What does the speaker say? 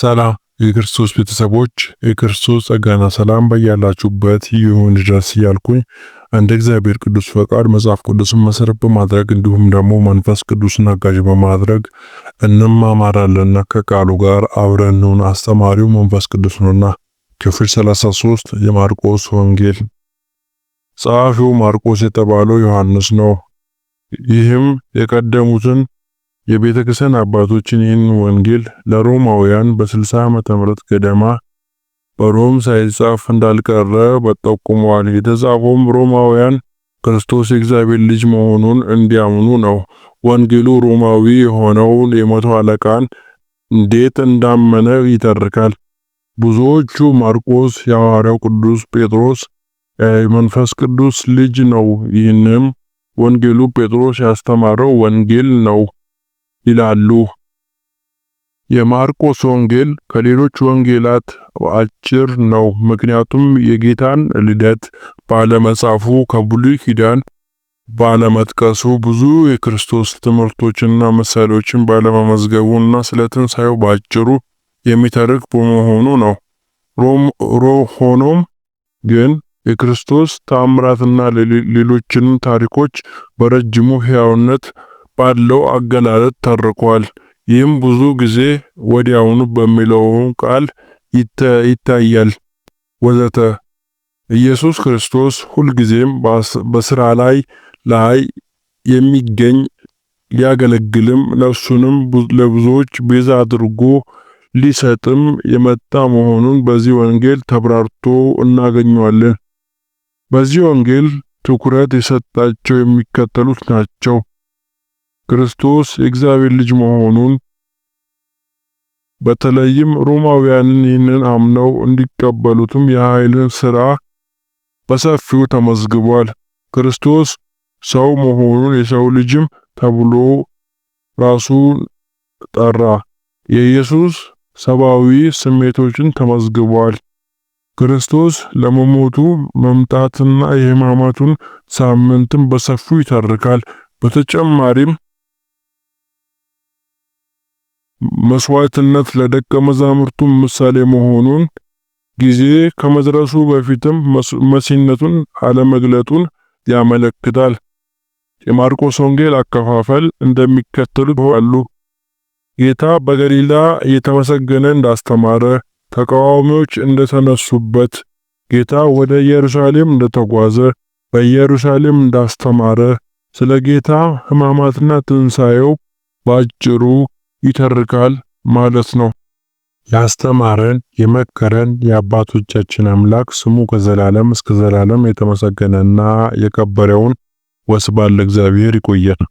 ሰላም የክርስቶስ ቤተሰቦች የክርስቶስ ጸጋና ሰላም በያላችሁበት ይሁን ድረስ እያልኩኝ እንደ እግዚአብሔር ቅዱስ ፈቃድ መጽሐፍ ቅዱስን መሰረት በማድረግ እንዲሁም ደግሞ መንፈስ ቅዱስን አጋዥ በማድረግ እንማማራለንና ከቃሉ ጋር አብረን አስተማሪው መንፈስ ቅዱስ ነውና። ክፍል 33 የማርቆስ ወንጌል ጸሐፊው ማርቆስ የተባለው ዮሐንስ ነው። ይህም የቀደሙትን የቤተ ክርስቲያን አባቶችን ይህን ወንጌል ለሮማውያን በ60 ዓመተ ምህረት ገደማ በሮም ሳይጻፍ እንዳልቀረ በጠቁመዋል። የተጻፈውም ሮማውያን ክርስቶስ የእግዚአብሔር ልጅ መሆኑን እንዲያምኑ ነው። ወንጌሉ ሮማዊ የሆነውን የመቶ አለቃን እንዴት እንዳመነ ይተርካል። ብዙዎቹ ማርቆስ የሐዋርያው ቅዱስ ጴጥሮስ የመንፈስ ቅዱስ ልጅ ነው፣ ይህንም ወንጌሉ ጴጥሮስ ያስተማረው ወንጌል ነው ይላሉ። የማርቆስ ወንጌል ከሌሎች ወንጌላት አጭር ነው፣ ምክንያቱም የጌታን ልደት ባለመጻፉ ከብሉይ ኪዳን ባለመጥቀሱ ብዙ የክርስቶስ ትምህርቶችና ምሳሌዎችን ባለመመዝገቡና ስለ ትንሣኤው ባጭሩ የሚተርክ በመሆኑ ነው። ሆኖም ግን የክርስቶስ ታምራትና ሌሎችን ታሪኮች በረጅሙ ሕያውነት ባለው አገላለጥ ተርኳል። ይህም ብዙ ጊዜ ወዲያውኑ በሚለው ቃል ይታያል። ወዘተ ኢየሱስ ክርስቶስ ሁልጊዜም በስራ ላይ ላይ የሚገኝ ሊያገለግልም ነፍሱንም ለብዙዎች ቤዛ አድርጎ ሊሰጥም የመጣ መሆኑን በዚህ ወንጌል ተብራርቶ እናገኘዋለን። በዚህ ወንጌል ትኩረት የሰጣቸው የሚከተሉት ናቸው። ክርስቶስ የእግዚአብሔር ልጅ መሆኑን በተለይም ሮማውያንን ይህንን አምነው እንዲቀበሉትም የኃይልን ሥራ በሰፊው ተመዝግቧል። ክርስቶስ ሰው መሆኑን የሰው ልጅም ተብሎ ራሱን ጠራ። የኢየሱስ ሰብአዊ ስሜቶችን ተመዝግቧል። ክርስቶስ ለመሞቱ መምጣትና የሕማማቱን ሳምንትን በሰፊው ይተርካል። በተጨማሪም መስዋዕትነት ለደቀ መዛሙርቱ ምሳሌ መሆኑን ጊዜ ከመድረሱ በፊትም መሲነቱን አለመግለጡን ያመለክታል። የማርቆስ ወንጌል አከፋፈል እንደሚከተሉት አሉ። ጌታ በገሊላ እየተመሰገነ እንዳስተማረ፣ ተቃዋሚዎች እንደተነሱበት፣ ጌታ ወደ ኢየሩሳሌም እንደተጓዘ፣ በኢየሩሳሌም እንዳስተማረ፣ ስለ ጌታ ሕማማትና ትንሣኤው ባጭሩ ይተርካል ማለት ነው። ያስተማረን የመከረን የአባቶቻችን አምላክ ስሙ ከዘላለም እስከ ዘላለም የተመሰገነና የከበረውን ወስብሐት እግዚአብሔር ይቆየን።